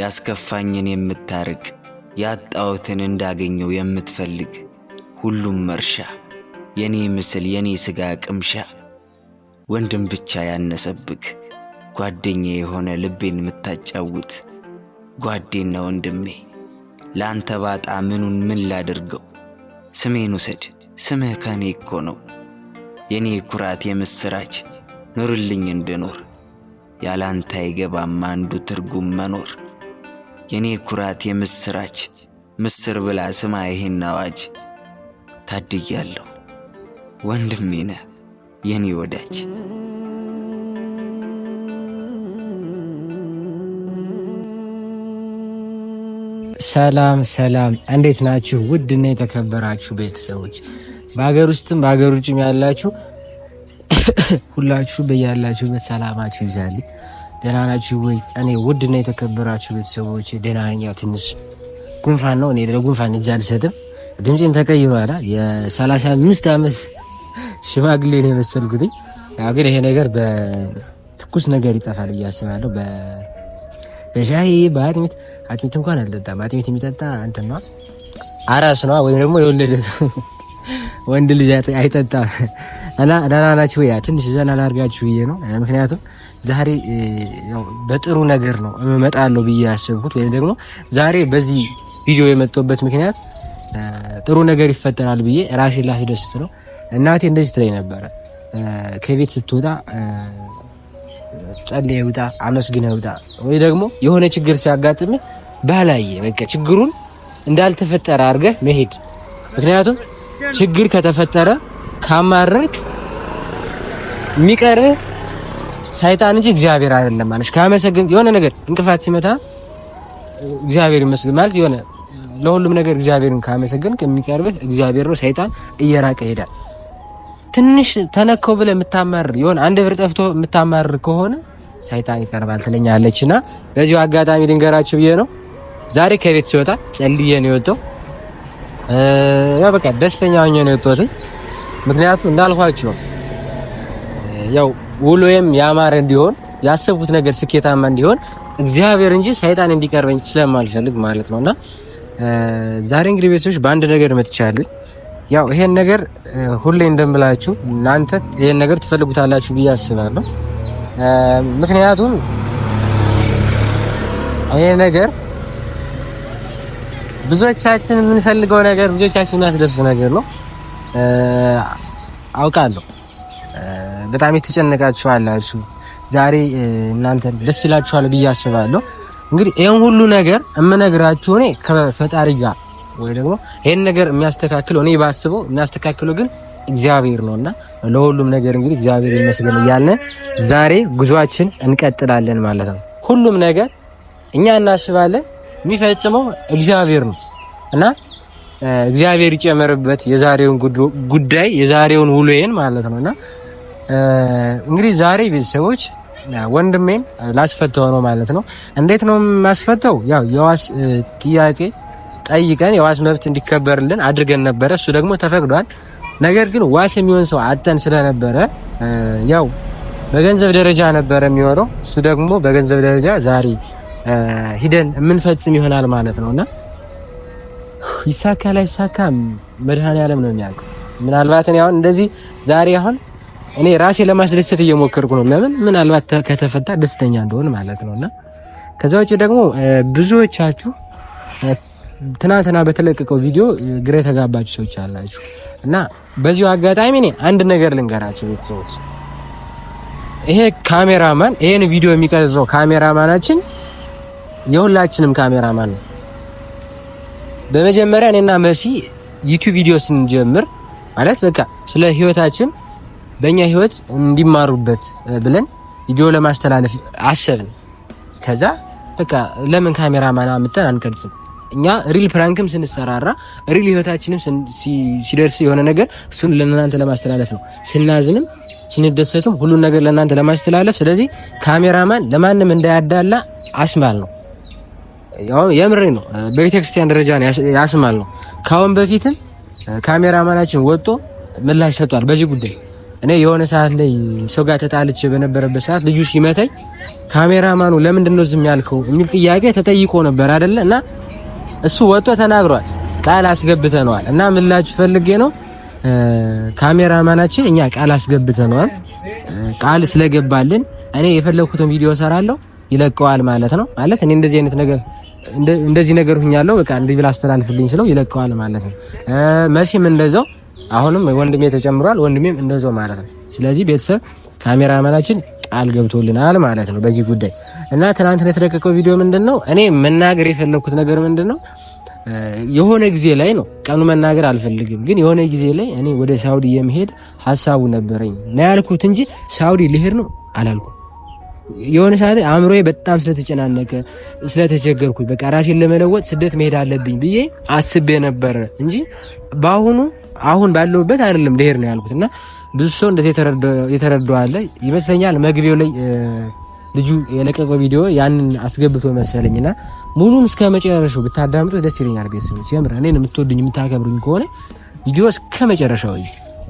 ያስከፋኝን የምታርቅ ያጣሁትን እንዳገኘው የምትፈልግ ሁሉም መርሻ የኔ ምስል የኔ ሥጋ ቅምሻ ወንድም ብቻ ያነሰብክ ጓደኛ የሆነ ልቤን የምታጫውት ጓዴና ወንድሜ ለአንተ ባጣ ምኑን ምን ላድርገው? ስሜን ውሰድ፣ ስምህ ከኔ እኮ ነው የኔ ኩራት የምሥራች ኑርልኝ እንድኖር ያላንተ አይገባም አንዱ ትርጉም መኖር የኔ ኩራት የምስራች ምስር ብላ ስማ ይህን አዋጅ። ታድያለሁ ወንድሜ ነ የኔ ወዳጅ። ሰላም ሰላም፣ እንዴት ናችሁ? ውድና የተከበራችሁ ቤተሰቦች በሀገር ውስጥም በሀገር ውጭም ያላችሁ ሁላችሁ በያላችሁበት ሰላማችሁ ይብዛልኝ። ደህና ናችሁ ወይ? እኔ ውድ ውድና የተከበራችሁ ቤተሰቦች ደህና ነኝ። ያው ትንሽ ጉንፋን ነው። እኔ ጉንፋን እጅ አልሰጥም። ድምፄም ተቀይሯል። የሰላሳ አምስት ዓመት ሽማግሌ ነው የመሰልኩት። ያው ግን ይሄ ነገር በትኩስ ነገር ይጠፋል እያስባለሁ። በሻይ በአጥሚት አጥሚት እንኳን አልጠጣም። አጥሚት የሚጠጣ እንትን ነዋ አራስ ነዋ፣ ወይም ደግሞ የወለደ ወንድ ልጅ አይጠጣም። ደህና ናችሁ? ያ ትንሽ ዘና ላድርጋችሁ ብዬ ነው። ምክንያቱም ዛሬ በጥሩ ነገር ነው እመጣለሁ ብዬ ያሰብኩት ወይም ደግሞ ዛሬ በዚህ ቪዲዮ የመጣሁበት ምክንያት ጥሩ ነገር ይፈጠራል ብዬ ራሴን ላስደስት ነው። እናቴ እንደዚህ ትለኝ ነበረ፣ ከቤት ስትወጣ ጸልየ ውጣ፣ አመስግነ ውጣ፣ ወይ ደግሞ የሆነ ችግር ሲያጋጥም ባህላዬ በቃ ችግሩን እንዳልተፈጠረ አድርገህ መሄድ። ምክንያቱም ችግር ከተፈጠረ ካማረርክ የሚቀርህ ሰይጣን እንጂ እግዚአብሔር አይደለም። ማለት ካመሰግን የሆነ ነገር እንቅፋት ሲመታ እግዚአብሔር ይመስገን ማለት የሆነ ለሁሉም ነገር እግዚአብሔርን ካመሰግን የሚቀርብህ እግዚአብሔር ነው። ሰይጣን እየራቀ ይሄዳል። ትንሽ ተነከው ብለህ የምታማርር የሆነ አንድ ብር ጠፍቶ የምታማርር ከሆነ ሰይጣን ይቀርባል ትለኛለችና በዚሁ አጋጣሚ ልንገራችሁ ብዬ ነው። ዛሬ ከቤት ሲወጣ ጸልዬ ነው የወጣው። ያው በቃ ደስተኛ ሆኜ ነው የወጣሁት። ምክንያቱም እንዳልኳችሁ ያው ውሎዬም ያማረ እንዲሆን ያሰቡት ነገር ስኬታማ እንዲሆን እግዚአብሔር እንጂ ሰይጣን እንዲቀርበኝ ስለማልፈልግ ማለት ነውና ዛሬ እንግዲህ ቤተሰቦች በአንድ ነገር መጥቻለሁ። ያው ይሄን ነገር ሁሌ እንደምላችሁ እናንተ ይሄን ነገር ትፈልጉታላችሁ ብዬ አስባለሁ። ምክንያቱም ይሄ ነገር ብዙዎቻችን የምንፈልገው ነገር ብዙዎቻችን የሚያስደስት ነገር ነው። አውቃለሁ በጣም የተጨነቃችሁ አላችሁ። ዛሬ እናንተን ደስ ይላችኋል ብዬ አስባለሁ። እንግዲህ ይህን ሁሉ ነገር የምነግራችሁ እኔ ከፈጣሪ ጋር ወይ ደግሞ ይህን ነገር የሚያስተካክለው እኔ ባስበው የሚያስተካክለው ግን እግዚአብሔር ነው እና ለሁሉም ነገር እንግዲህ እግዚአብሔር ይመስገን እያልን ዛሬ ጉዟችን እንቀጥላለን ማለት ነው። ሁሉም ነገር እኛ እናስባለን፣ የሚፈጽመው እግዚአብሔር ነው እና እግዚአብሔር ይጨመርበት። የዛሬውን ጉዳይ የዛሬውን ውሎዬን ማለት ነው እና እንግዲህ ዛሬ ቤተሰቦች ወንድሜን ላስፈተው ነው ማለት ነው። እንዴት ነው ማስፈተው? ያው የዋስ ጥያቄ ጠይቀን የዋስ መብት እንዲከበርልን አድርገን ነበረ። እሱ ደግሞ ተፈቅዷል። ነገር ግን ዋስ የሚሆን ሰው አጠን ስለነበረ ያው በገንዘብ ደረጃ ነበረ የሚሆነው። እሱ ደግሞ በገንዘብ ደረጃ ዛሬ ሂደን የምንፈጽም ይሆናል ማለት ነውና ይሳካ ላይ ላይሳካ መድኃኔዓለም ነው የሚያውቀው። ምናልባት እኔ አሁን እንደዚህ ዛሬ አሁን እኔ ራሴ ለማስደሰት እየሞከርኩ ነው። ለምን ምናልባት ከተፈታ ደስተኛ እንደሆን ማለት እና ከዛ ውጭ ደግሞ ብዙዎቻችሁ ትናንትና በተለቀቀው ቪዲዮ ግራ የተጋባችሁ ሰዎች አላችሁ እና በዚሁ አጋጣሚ እኔ አንድ ነገር ልንገራችሁ ቤተሰቦች፣ ይሄ ካሜራማን ይሄን ቪዲዮ የሚቀርጸው ካሜራማናችን የሁላችንም ካሜራማን ነው። በመጀመሪያ እኔና መሲ ዩቲዩብ ቪዲዮ ስንጀምር ማለት በቃ ስለ ህይወታችን በእኛ ህይወት እንዲማሩበት ብለን ቪዲዮ ለማስተላለፍ አሰብን። ከዛ በቃ ለምን ካሜራ ማና ምጠን አንቀርጽም? እኛ ሪል ፕራንክም ስንሰራራ ሪል ህይወታችንም ሲደርስ የሆነ ነገር እሱን ለእናንተ ለማስተላለፍ ነው። ስናዝንም ስንደሰትም ሁሉን ነገር ለእናንተ ለማስተላለፍ ስለዚህ ካሜራማን ለማንም እንዳያዳላ አስማል ነው። የምሬ ነው። በቤተክርስቲያን ደረጃ ያስማል ነው። ካሁን በፊትም ካሜራማናችን ወጥቶ ምላሽ ሰጥቷል በዚህ ጉዳይ። እኔ የሆነ ሰዓት ላይ ሰው ጋር ተጣልቼ በነበረበት ሰዓት ልጁ ሲመታኝ ካሜራማኑ ለምንድን ነው ዝም ያልከው የሚል ጥያቄ ተጠይቆ ነበር አይደለ? እና እሱ ወጥቶ ተናግሯል። ቃል አስገብተነዋል እና ምላሽ ፈልጌ ነው ካሜራማናችን እኛ ቃል አስገብተነዋል። ቃል ስለገባልን እኔ የፈለኩትን ቪዲዮ ሰራለሁ ይለቀዋል ማለት ነው። ማለት እኔ እንደዚህ አይነት ነገር እንደዚህ ነገር ሁኛለሁ በቃ እንዲህ ብላ አስተላልፍልኝ ስለው ይለቀዋል ማለት ነው። መሲም እንደዛው አሁንም ወንድሜ ተጨምሯል፣ ወንድሜም እንደዛው ማለት ነው። ስለዚህ ቤተሰብ ካሜራማናችን ቃል ገብቶልናል ማለት ነው በዚህ ጉዳይ እና ትናንት የተለቀቀው ቪዲዮ ምንድን ነው እኔ መናገር የፈለኩት ነገር ምንድን ነው የሆነ ጊዜ ላይ ነው ቀኑ መናገር አልፈልግም፣ ግን የሆነ ጊዜ ላይ እኔ ወደ ሳውዲ የመሄድ ሀሳቡ ነበረኝ ነው ያልኩት እንጂ ሳውዲ ልሄድ ነው አላልኩም። የሆነ ሰዓት አእምሮዬ በጣም ስለተጨናነቀ ስለተቸገርኩኝ በቃ ራሴን ለመለወጥ ስደት መሄድ አለብኝ ብዬ አስቤ ነበረ እንጂ በአሁኑ አሁን ባለሁበት አይደለም ልሄድ ነው ያልኩት እና ብዙ ሰው እንደዚህ የተረዳዋለ ይመስለኛል። መግቢያው ላይ ልጁ የለቀቀው ቪዲዮ ያንን አስገብቶ እና ሙሉን እስከ መጨረሻው ብታዳምጡት ደስ ይለኛል። ቤተሰቦች የምር እኔን የምትወዱኝ የምታከብሩኝ ከሆነ ቪዲዮ እስከ መጨረሻው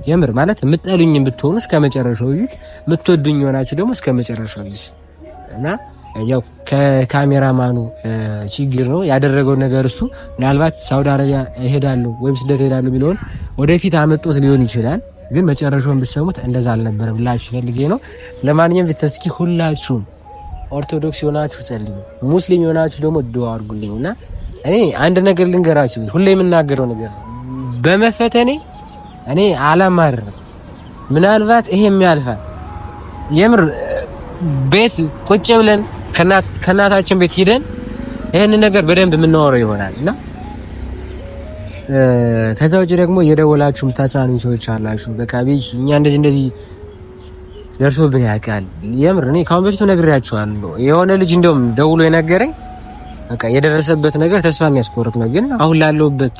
የምር ማለት የምጠሉኝ ብትሆኑ እስከ መጨረሻው እዩት፣ የምትወዱኝ የሆናችሁ ደግሞ እስከ መጨረሻው እዩት። እና ያው ከካሜራማኑ ችግር ነው ያደረገው ነገር እሱ ምናልባት ሳውዲ አረቢያ እሄዳለሁ ወይም ስደት እሄዳለሁ የሚለውን ወደፊት አመጦት ሊሆን ይችላል። ግን መጨረሻውን ብትሰሙት እንደዛ አልነበረም ብላችሁ ፈልጌ ነው። ለማንኛውም ቤተሰብ እስኪ ሁላችሁም ኦርቶዶክስ የሆናችሁ ጸልዩ፣ ሙስሊም የሆናችሁ ደግሞ ድዋ አድርጉልኝ እና እኔ አንድ ነገር ልንገራችሁ፣ ሁሌ የምናገረው ነገር በመፈተኔ እኔ አላማርም። ምናልባት ይሄም ያልፋል። የምር ቤት ቁጭ ብለን ከእናታችን ቤት ሂደን ይህን ነገር በደንብ የምናወረው ይሆናል እና ከዛ ውጭ ደግሞ የደወላችሁ የምታጽናኑ ሰዎች አላችሁ። በቃ ቤት እኛ እንደዚህ እንደዚህ ደርሶብን ያውቃል። የምር እኔ ካሁን በፊት ነግሬያችኋለሁ። የሆነ ልጅ እንደውም ደውሎ የነገረኝ በቃ የደረሰበት ነገር ተስፋ የሚያስቆርጥ ነው። ግን አሁን ላለሁበት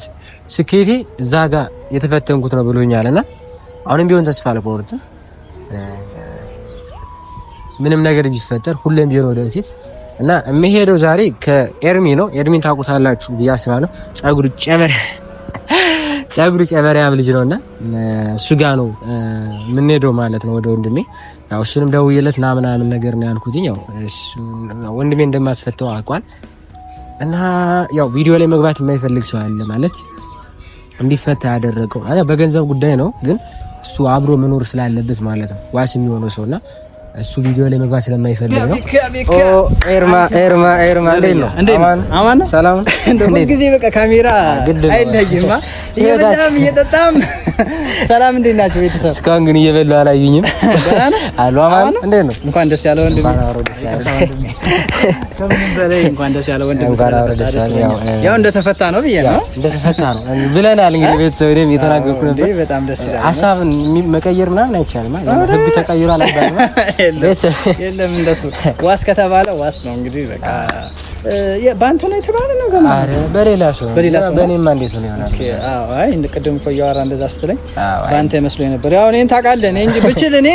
ስኬቴ እዛ የተፈተንኩት ነው እና አሁንም ቢሆን ተስፋ አልቆርጥም። ምንም ነገር ቢፈጠር ሁሌም ቢሆን ወደፊት እና የሚሄደው ዛሬ ከኤርሚ ነው። ኤርሚን ታውቁታላችሁ ብዬ አስባለሁ። ጸጉሩ ጨመር ጸጉሩ ጨመር ያም ልጅ እና እሱ ጋ ነው የምንሄደው ማለት ነው ወደ ወንድሜ። ያው እሱንም ደውዬለት ና ምናምን ነገር ነው ያልኩትኝ። ያው ወንድሜ እንደማስፈተው አውቋል። እና ያው ቪዲዮ ላይ መግባት የማይፈልግ ሰው አለ ማለት እንዲፈታ ያደረገው በገንዘብ ጉዳይ ነው፣ ግን እሱ አብሮ መኖር ስላለበት ማለት ነው ዋስ የሚሆነው ሰውና እሱ ቪዲዮ ላይ መግባት ስለማይፈልግ ነው። ኦ ኤርማ ኤርማ ኤርማ እንዴት ነው? አማን አማን፣ ሰላም። እንደው ጊዜ በቃ ካሜራ አይለይማ። እየበላም እየጠጣም ሰላም። እንዴት ናቸው ቤተሰብ? እስካሁን ግን እየበሉ አላዩኝም አሉ። አማን እንዴት ነው? እንኳን ደስ ያለ ወንድም። ከምንም በላይ እንኳን ደስ ያለ ወንድም። ያው እንደተፈታ ነው ብዬ ነው እንደተፈታ ነው ብለናል። እንግዲህ ቤተሰብ እኔም እየተናገርኩ ነበር። በጣም ደስ ይላል። ሀሳብን መቀየር ምናምን አይቻልም። ህግ ተቀይሯል አልባል የለም እንደሱ ዋስ ከተባለ ዋስ ነው እንግዲህ በቃ በአንተ ነው የተባለ ነው። ገና በሌላ ሰው በሌላ ሰው በእኔማ እንዴት ነው ይሆናል? አዎ አይ ቅድም እኮ እያወራ እንደዛ ስትለኝ በአንተ ይመስሎኝ ነበር። ያው እኔን ታውቃለህ፣ እኔ እንጂ ብችል እኔ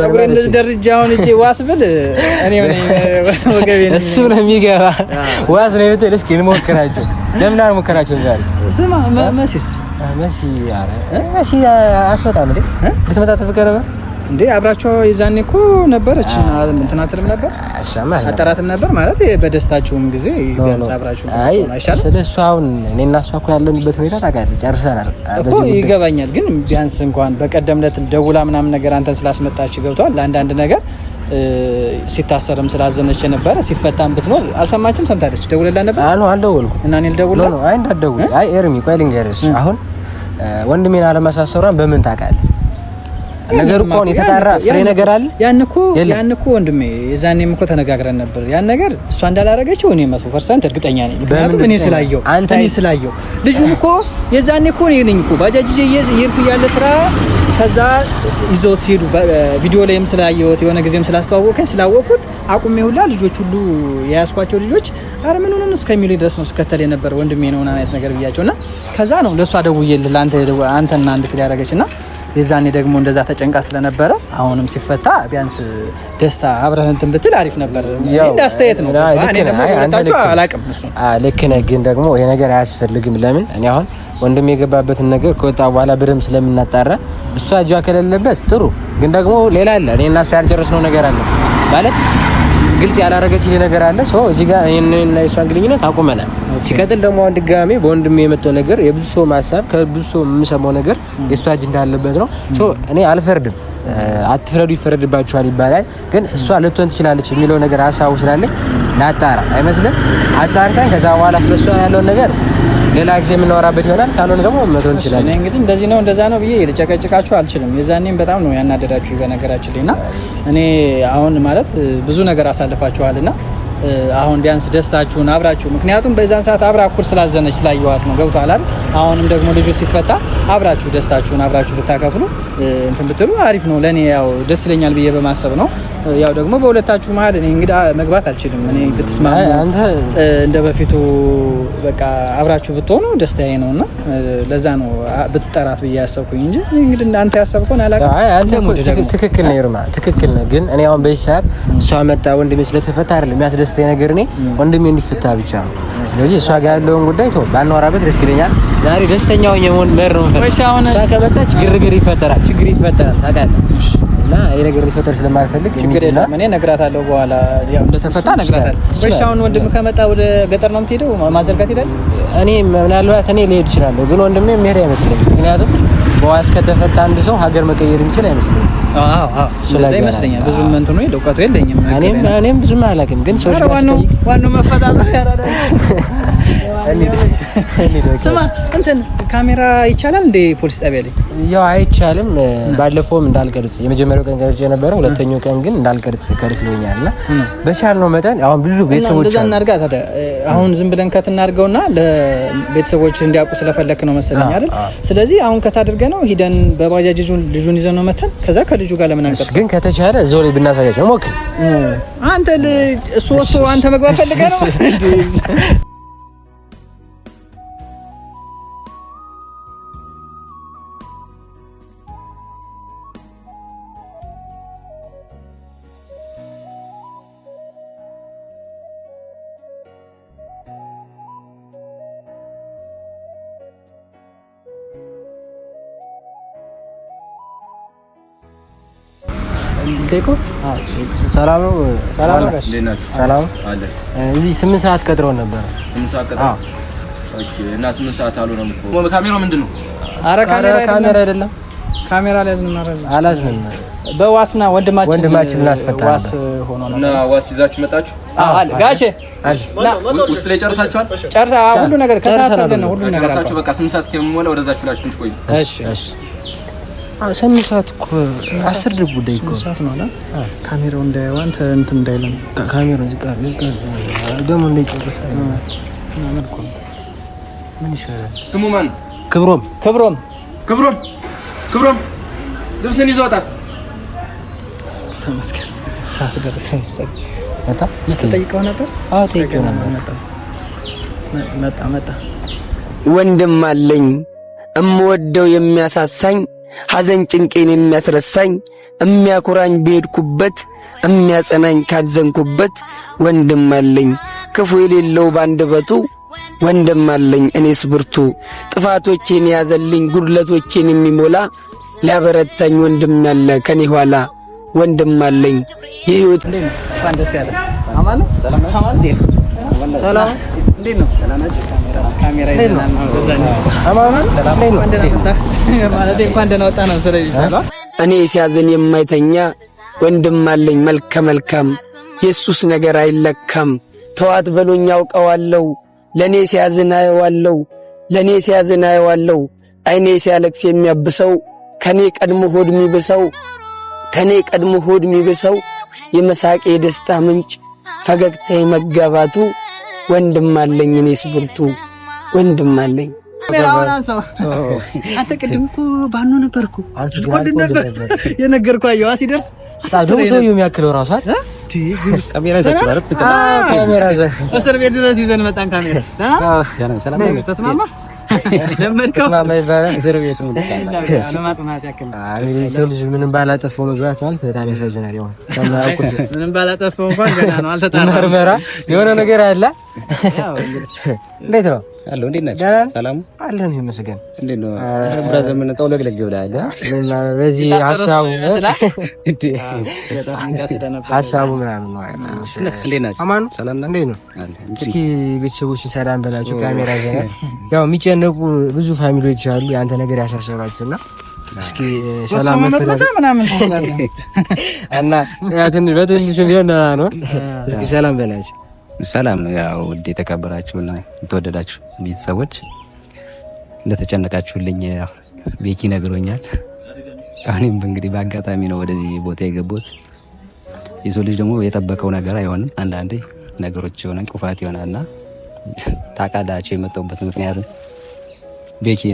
ፀጉር እንደዚህ ደረጃ አሁን እጄ ዋስ ብል እኔ ወገቤ እሱ ነው የሚገባ ዋስ ነው ብትል እስኪ ልሞክራቸው። ለምን አልሞከራቸውም ዛሬ? ስማ መሲስ መሲ ኧረ መሲ አትመጣም እንዴ? ልትመጣ ትፈቀረበ እንዴ አብራቸው የዛኔ እኮ ነበረች እንትናትልም አትልም ነበር አጠራትም ነበር ማለት በደስታችሁም ጊዜ ቢያንስ አብራችሁ አይሻልም? ስለ እሱ አሁን እኔ እና እሷ እኮ ያለንበት ሁኔታ ታውቃለህ፣ ጨርሰናል እኮ ይገባኛል። ግን ቢያንስ እንኳን በቀደም ዕለት ደውላ ምናምን ነገር አንተን ስላስመጣች ገብቷል። ለአንዳንድ ነገር ሲታሰርም ስላዘነች የነበረ ሲፈታም ብትኖር አልሰማችም። ሰምታለች። ደውልላ ነበር አሉ አልደወልኩም እና እኔ ልደውል አይ እንዳትደውል አይ ኤርሚ ቆይ ልንገርሽ አሁን ወንድሜን አለመሳሰሯን በምን ታውቃለህ? ነገር እኮ ነው የተጣራ ፍሬ ነገር አለ። ያን እኮ ያን እኮ ወንድሜ የዛኔም እኮ ተነጋግረን ነበር። ያን ነገር እሷ እንዳላረገችው እኔ 100% እርግጠኛ ነኝ። ምክንያቱም እኔ ስላየው አንተ እኔ ስላየው ልጁም እኮ የዛኔ እኮ እኔ ነኝ እኮ ባጃጅ እየሄድኩ ያለ ስራ ከዛ ይዘውት ሲሄዱ ቪዲዮ ላይም ስላየሁት የሆነ ጊዜም ስላስተዋወቀኝ ስላወቅኩት አቁሜ ሁላ ልጆች ሁሉ የያዝኳቸው ልጆች አረ ምን ሆነን እስከሚሉ ድረስ ነው ስከተል የነበር ወንድሜ ነው አይነት ነገር ብያቸው እና ከዛ ነው ለእሷ ደውዬልህ ለአንተ አንተና እንድትል ያደረገች እና የዛኔ ደግሞ እንደዛ ተጨንቃ ስለነበረ አሁንም ሲፈታ ቢያንስ ደስታ አብረህ እንትን ብትል አሪፍ ነበር። እንዳስተያየት ነው። አላቅም ልክ ነህ፣ ግን ደግሞ ይሄ ነገር አያስፈልግም። ለምን እኔ አሁን ወንድም የገባበትን ነገር ከወጣ በኋላ ብርም ስለምናጣራ እሷ እጇ ከሌለበት ጥሩ፣ ግን ደግሞ ሌላ አለ እኔ እና እሷ ያልጨረስነው ነገር አለ ማለት ግልጽ ያላረገችኝ ነገር አለ። ሶ እዚህ ጋር እኔና የሷን ግንኙነት አቁመናል። ሲቀጥል ደግሞ አሁን ድጋሜ በወንድሜ የመጣው ነገር የብዙ ሰው ማሳብ ከብዙ ሰው የምሰማው ነገር የእሷ እጅ እንዳለበት ነው። እኔ አልፈርድም አትፍረዱ ይፈረድባችኋል ይባላል። ግን እሷ ልትሆን ትችላለች የሚለው ነገር ሀሳቡ ስላለኝ ናጣራ አይመስልም። አጣርተን ከዛ በኋላ ስለሷ ያለውን ነገር ሌላ ጊዜ የምናወራበት ይሆናል። ካልሆነ ደግሞ መቶ እንችላለን። እንግዲህ እንደዚህ ነው እንደዛ ነው ብዬ ልጨቀጭቃችሁ አልችልም። የዛኔም በጣም ነው ያናደዳችሁ በነገራችን ላይ እና እኔ አሁን ማለት ብዙ ነገር አሳልፋችኋል እና አሁን ቢያንስ ደስታችሁን አብራችሁ ምክንያቱም በዛን ሰዓት አብራ ኩር ስላዘነች ስላየዋት ነው ገብቷል አሁንም ደግሞ ልጁ ሲፈታ አብራችሁ ደስታችሁን አብራችሁ ብታከፍሉ እንትን ብትሉ አሪፍ ነው ለእኔ ያው ደስ ይለኛል ብዬ በማሰብ ነው ያው ደግሞ በሁለታችሁ መሀል እኔ እንግዳ መግባት አልችልም። እኔ ብትስማሙ እንደ በፊቱ በቃ አብራችሁ ብትሆኑ ደስታዬ ነው እና ለዛ ነው ብትጠራት ብዬ ያሰብኩኝ እንጂ እንግዲህ አንተ ያሰብከውን አላውቅም። ትክክል ነው ይርማ፣ ትክክል ነው። ግን እኔ አሁን በዚህ ሰዓት እሷ መጣ ወንድሜ ስለተፈታ አይደለም የሚያስደስተኝ ነገር እኔ ወንድሜ እንዲፈታ ብቻ ነው። ስለዚህ እሷ ጋር ያለውን ጉዳይ ተው ባናወራበት ደስ ይለኛል። ዛሬ ደስተኛ ሆኜ መሆን መር ነው ምፈ ከመጣች ግርግር ይፈጠራል፣ ችግር ይፈጠራል። ታውቃለህ እና ይሄ ነገር ሊፈጠር ስለማልፈልግ ችግር የለም እኔ እነግራታለሁ። በኋላ ያው እንደተፈታ እነግራታለሁ። እሺ፣ አሁን ወንድም ከመጣ ወደ ገጠር ነው የምትሄደው? ማዘርጋት ሄዳል። እኔ ምናልባት እኔ ልሄድ እችላለሁ፣ ግን ወንድሜ የሚሄድ አይመስለኝም። ምክንያቱም በዋስ እስከተፈታ አንድ ሰው ሀገር መቀየር የሚችል አይመስለኝም። ይመስለኛል ብዙም እንትኑ እውቀቱ የለኝም። እኔም ብዙም አላውቅም፣ ግን ሰዎች ዋናው መፈጣጠር ያራዳ ስማ እንትን ካሜራ ይቻላል እንዴ? ፖሊስ ጣቢያ ላይ ያው አይቻልም። ባለፈውም እንዳልቀርጽ የመጀመሪያው ቀን ቀርጽ የነበረ ሁለተኛው ቀን ግን እንዳልቀርጽ ከልክሎኛል እና በቻልነው መጠን አሁን ብዙ ቤተሰቦች እናርጋ ታዲያ አሁን ዝም ብለን ከት እናድርገውና ለቤተሰቦች እንዲያውቁ ስለፈለክ ነው መሰለኝ አይደል? ስለዚህ አሁን ከታድርገ ነው ሂደን በባጃጅ ልጁን ይዘን ነው መተን ከዛ ከልጁ ጋር ለምን አንቀርጽ ግን ከተቻለ እዛው ላይ ብናሳያቸው ሞክር አንተ እሱ ወጥቶ አንተ መግባት ፈልገህ ነው የምትጠይቀው? ሰላም ነው። ሰላም ነው። ሰላም እዚህ ስምንት ሰዓት ቀጥረው ነበር። ሰዓት ቀጥረው እና ስምንት ሰዓት አልሆነም እኮ። ካሜራው ምንድን ነው? ኧረ ካሜራ አይደለም። ካሜራ አልያዝንም፣ አልያዝንም። በዋስና ወንድማችን ወንድማችን እናስፈታ ዋስ ሆኖ ነው። እና ዋስ ይዛችሁ መጣችሁ? አዎ ጋሼ ውስጥ ላይ ጨርሳችኋል? ጨርሳ ሁሉ ነገር ከሰዓት ነው። ሁሉ ነገር ጨርሳችሁ በቃ ስምንት ሰዓት እስኪሞላ ወደዛችሁ ላችሁ ትንሽ ቆዩ። እሺ እሺ ስምንት ሰዓት እኮ አስር ልብ ጉዳይ እኮ ሰዓት ነው። ካሜራው እንዳይዋ አንተ እንትን እንዳይለም ካሜራው እዚህ ጋር ደግሞ እንዳይጨርስ ምን ይሻላል? ስሙ ማን? ክብሮም ክብሮም ክብሮም ክብሮም ልብስን ይዞ ወጣ። ተመስገን ሰዓት ደረሰ መሰለኝ። መጣ ጠይቀው ነበር። አዎ ጠይቀው ነበር። መጣ መጣ ወንድም አለኝ እምወደው የሚያሳሳኝ ሐዘን ጭንቄን የሚያስረሳኝ እሚያኮራኝ በሄድኩበት እሚያጸናኝ ካዘንኩበት ወንድም አለኝ ክፉ የሌለው ባንደበቱ ወንድም አለኝ እኔስ ብርቱ ጥፋቶቼን ያዘልኝ ጉድለቶቼን የሚሞላ ሊያበረታኝ ወንድም ያለ ከኔ ኋላ ወንድም አለኝ የህይወት ሰላም እኔ ሲያዝን የማይተኛ ወንድም አለኝ መልከ መልካም የሱስ ነገር አይለካም። ተዋት በሎኝ አውቀዋለሁ ለኔ ሲያዝን አየዋለሁ ለኔ ሲያዝን አየዋለሁ አይኔ ሲያለቅስ የሚያብሰው ከኔ ቀድሞ ሆድ ሚብሰው ከኔ ቀድሞ ሆድ ሚብሰው የመሳቄ የደስታ ምንጭ ፈገግታ የመጋባቱ ወንድም አለኝ እኔስ ብርቱ ወንድም አለኝ። አንተ ቅድም እኮ ባኖ ነበርኩ የነገርኩህ። አየዋ ሲደርስ ደግሞ ሰውዬው የሚያክለው ራሱ እስር ቤት ድረስ ይዘን መጣን። ካሜራ ሰው ልጅ ምንም ባላጠፋው መግባት ማለት በጣም ያሳዝናል። ሆን ምንም ባላጠፋው እንኳን ገና ነው፣ ምርመራ የሆነ ነገር አለ። እንዴት ነው አለሁ። እንዴት ናችሁ? ሰላም አለን። ይመስገን። እንዴት ነው ብራዘር? የምንጠው ለግለግ ብለሃል። በዚህ ሀሳቡ ሀሳቡ ምናምን ነው። እንዴት ናችሁ? አማኑ ሰላም ነው። እስኪ ቤተሰቦችን ሰላም በላቸው። ካሜራ ዘና። ያው የሚጨነቁ ብዙ ፋሚሊዎች አሉ። የአንተ ነገር ያሳሰባችሁ እና እስኪ ሰላም ምናምን እና በትንሹ ቢሆን ነው። እስኪ ሰላም በላቸው ሰላም ያው ውድ የተከበራችሁና የተወደዳችሁ ቤተሰቦች እንደተጨነቃችሁልኝ ቤኪ ነግሮኛል። እኔም እንግዲህ በአጋጣሚ ነው ወደዚህ ቦታ የገቡት። የሰው ልጅ ደግሞ የጠበቀው ነገር አይሆንም። አንዳንዴ ነገሮች የሆነ ቁፋት ይሆናል ይሆናልና ታውቃላችሁ፣ የመጣሁበት ምክንያት ቤኪ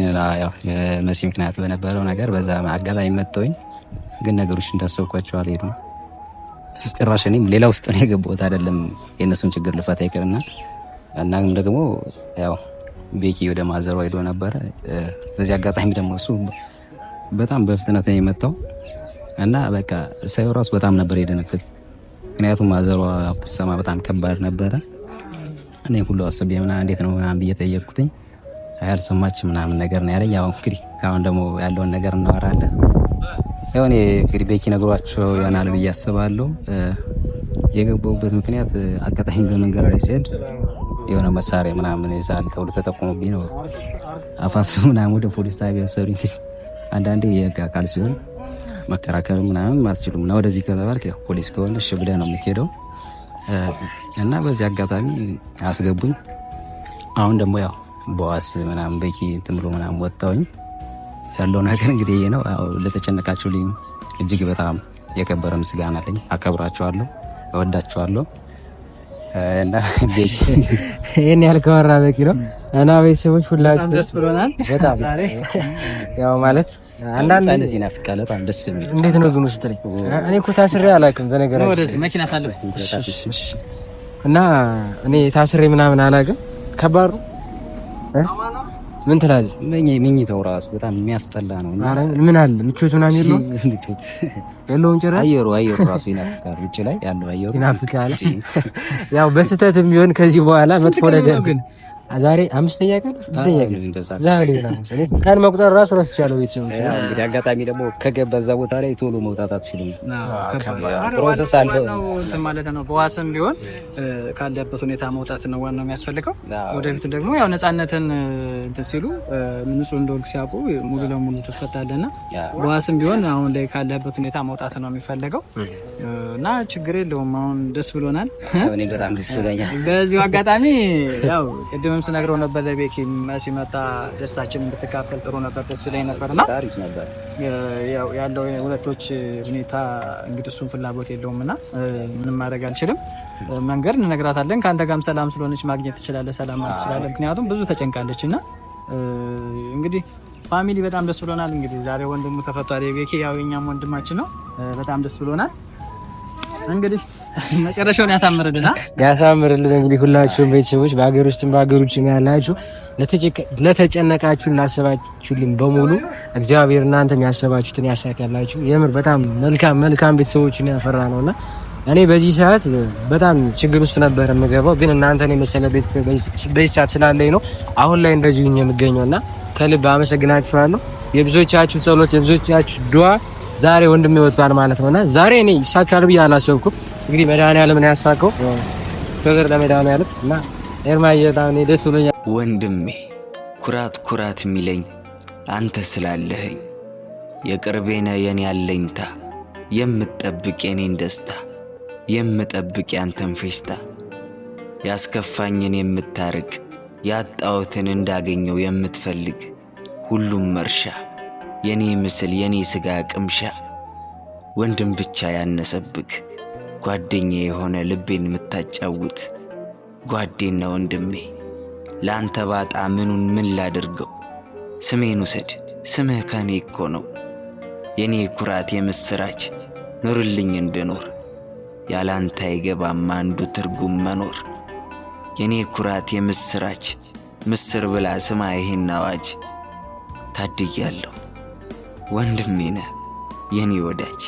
መሲ ምክንያት በነበረው ነገር በዛ አጋጣሚ መጥተውኝ ግን ነገሮች እንዳሰብኳቸው አልሄዱም። ጭራሽ እኔም ሌላ ውስጥ ነው የገባሁት። አይደለም የእነሱን ችግር ልፈታ ይቅርና እናም ደግሞ ያው ቤኪ ወደ ማዘሯ ሄዶ ነበረ። በዚህ አጋጣሚ ደግሞ እሱ በጣም በፍጥነት ነው የመጣው እና በቃ ሳይ ራሱ በጣም ነበር የደነክል። ምክንያቱም ማዘሯ ሰማ በጣም ከባድ ነበረ። እኔ ሁሉ አስቤ ምናምን እንዴት ነው ምናምን ብዬ ጠየቅኩትኝ። አያልሰማች ምናምን ነገር ነው ያለኝ። ያው እንግዲህ ከአሁን ደግሞ ያለውን ነገር እናወራለን። ያው እኔ እንግዲህ ቤኪ ነግሯቸው ያናል ብዬ አስባለሁ። የገባሁበት ምክንያት አጋጣሚ በመንገድ ላይ ሲሄድ የሆነ መሳሪያ ምናምን ይዛል ተብሎ ተጠቆሙብኝ ነው አፋፍሱ ምናምን ወደ ፖሊስ ጣቢያ ወሰዱ። እንግዲህ አንዳንዴ የህግ አካል ሲሆን መከራከር ምናምን አትችሉም እና ወደዚህ ከተባልክ ያው ፖሊስ ከሆነ እሺ ብለህ ነው የምትሄደው እና በዚህ አጋጣሚ አስገቡኝ። አሁን ደግሞ ያው በዋስ ምናምን ቤኪ እንትን ብሎ ምናምን ወጣውኝ ያለው ነገር እንግዲህ ይሄ ነው። ለተጨነቃችሁ ለተጨነቃችሁልኝ እጅግ በጣም የከበረ ምስጋና አለኝ። አከብራችኋለሁ፣ እወዳችኋለሁ። ይህን ያህል ከወራ በቂ ነው እና ቤተሰቦች ሁላችሁ ደስ ብሎናል። በጣም ያው ማለት አንዳንድ አይነት ይናፍቃል። በጣም ደስ የሚል እንዴት ነው ግን ውስጥ ላይ እኔ እኮ ታስሬ አላውቅም በነገራችን እና እኔ ታስሬ ምናምን አላውቅም። ከባድ ነው ምን ትላለች? ምኝተው ራሱ በጣም የሚያስጠላ ነው። ምን አለ ምቾት ምናምን የለውም፣ ምቾት የለውም ጭራሽ። አየሩ አየሩ ራሱ ይናፍቃል፣ ውጭ ላይ ያለው አየሩ ይናፍቃል። ያው በስተትም ቢሆን ከዚህ በኋላ መጥፎ ነገር ዛሬ አምስተኛ ቀን ስድስተኛ ቀን ቀን መቁጠር ራሱ ረስቻለሁ። ቤተሰቦች እንግዲህ አጋጣሚ ደግሞ ከገባ እዛ ቦታ ላይ ቶሎ መውጣት አትችልም። ፕሮሰስ አለ ማለት ነው። በዋስም ቢሆን ካለበት ሁኔታ መውጣት ነው ዋናው የሚያስፈልገው። ወደፊት ደግሞ ያው ነፃነትን እንትን ሲሉ ንጹህ እንደወግ ሲያውቁ ሙሉ ለሙሉ ትፈታለና በዋስም ቢሆን አሁን ላይ ካለበት ሁኔታ መውጣት ነው የሚፈልገው እና ችግር የለውም። አሁን ደስ ብሎናል። በዚሁ አጋጣሚ ያው ቅድም መሲምም ስነግረው ነበር ለቤኪ መሲ ደስታችን እንድትካፈል ጥሩ ነበር፣ ደስ ላይ ነበር ነበርና ያለው ሁለቶች ሁኔታ እንግዲህ እሱን ፍላጎት የለውም እና ምንም ማድረግ አልችልም። መንገድ እንነግራታለን። ከአንተ ጋርም ሰላም ስለሆነች ማግኘት ትችላለህ፣ ሰላም ማለት ትችላለህ። ምክንያቱም ብዙ ተጨንቃለች እና እንግዲህ ፋሚሊ በጣም ደስ ብሎናል። እንግዲህ ዛሬ ወንድሙ ተፈቷል። የቤኪ ያው የኛም ወንድማችን ነው። በጣም ደስ ብሎናል እንግዲህ መጨረሻውን ያሳምርልን ያሳምርልን። እንግዲህ ሁላችሁም ቤተሰቦች በሀገር ውስጥም በሀገር ውጭም ያላችሁ ለተጨነቃችሁ ላሰባችሁልን በሙሉ እግዚአብሔር እናንተም ያሰባችሁትን ያሳካላችሁ። የምር በጣም መልካም መልካም ቤተሰቦችን ያፈራ ነውና እኔ በዚህ ሰዓት በጣም ችግር ውስጥ ነበር የምገባው፣ ግን እናንተን የመሰለ ቤተሰብ በዚህ ሰዓት ስላለኝ ነው አሁን ላይ እንደዚሁ የምገኘው እና ከልብ አመሰግናችኋለሁ። የብዙዎቻችሁ ጸሎት፣ የብዙዎቻችሁ ድዋ ዛሬ ወንድም ይወጣል ማለት ነው እና ዛሬ እኔ ይሳካል ብዬ አላሰብኩም። እንግዲህ መድኃኒዓለም ነው ያሳካው። ክብር ለመድኃኒዓለም እና ኤርማዬ በጣም እኔ ደስ ብሎኛል ወንድሜ። ኩራት ኩራት የሚለኝ አንተ ስላለህኝ የቅርቤነ የኔ ያለኝታ የምትጠብቅ የኔን ደስታ የምጠብቅ ያንተን ፌሽታ ያስከፋኝን የምታርቅ ያጣሁትን እንዳገኘው የምትፈልግ ሁሉም መርሻ የኔ ምስል የኔ ሥጋ ቅምሻ ወንድም ብቻ ያነሰብክ ጓደኛ የሆነ ልቤን የምታጫውት ጓዴና ወንድሜ ለአንተ ባጣ ምኑን ምን ላድርገው? ስሜን ውሰድ፣ ስምህ ከኔ እኮ ነው የእኔ ኩራት የምስራች ኑርልኝ እንድኖር ያላንተ አይገባም አንዱ ትርጉም መኖር የእኔ ኩራት የምስራች ምስር ብላ ስማ ይሄን አዋጅ ታድያለሁ ወንድሜ ነህ የኔ ወዳጅ